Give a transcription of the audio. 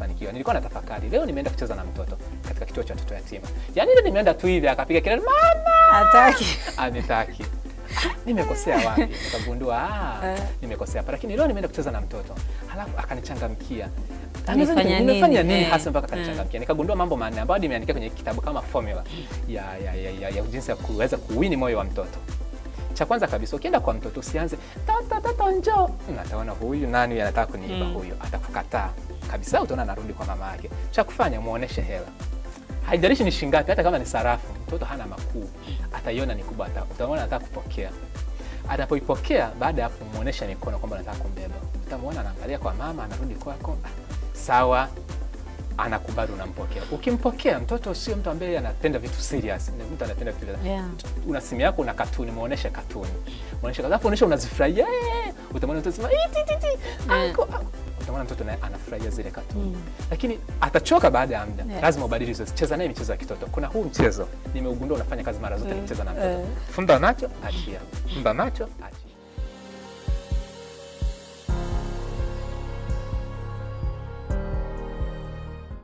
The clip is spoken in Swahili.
nimefanikiwa. Nilikuwa na tafakari leo, nimeenda kucheza na mtoto katika kituo cha watoto yatima, yaani ile nimeenda tu hivi, akapiga kelele, mama, hataki ametaki nimekosea wapi? Nikagundua ah, eh. nimekosea hapa, lakini leo nimeenda kucheza na mtoto, halafu akanichangamkia nimefanya nini eh. hasa mpaka kanichangamkia. Eh. Nikagundua mambo manne ambayo nimeandikia kwenye kitabu kama formula ya, ya, ya, ya, ya jinsi ya kuweza kuwini moyo wa mtoto. Cha kwanza kabisa, ukienda kwa mtoto usianze tata tata, njoo, nataona huyu nani anataka kuniiba, hmm. huyu atakukataa kabisa, utaona anarudi kwa mama yake. Cha kufanya muoneshe hela, haijalishi ni shingapi, hata kama ni sarafu. Mtoto hana makuu, ataiona ni kubwa, utaona anataka kupokea. Atapoipokea baada ya hapo muoneshe mikono kwamba anataka kumbeba, utamwona anaangalia kwa mama, anarudi kwako, sawa, anakubali, unampokea. Ukimpokea mtoto, sio mtu ambaye anapenda vitu serious, ni mtu anapenda vitu yeah. Una simu yako una katuni, muoneshe katuni, muoneshe alafu unaonesha unazifurahia, eh, utamwona mtoto sema eh, ti ti anko mtoto naye anafurahia zile katuni mm. Lakini atachoka baada ya muda yes. Lazima ubadili zoezi, cheza naye michezo ya kitoto. Kuna huu mchezo nimeugundua unafanya kazi mara zote mm. Nicheza na mtoto, funda nacho achia, funda nacho achia.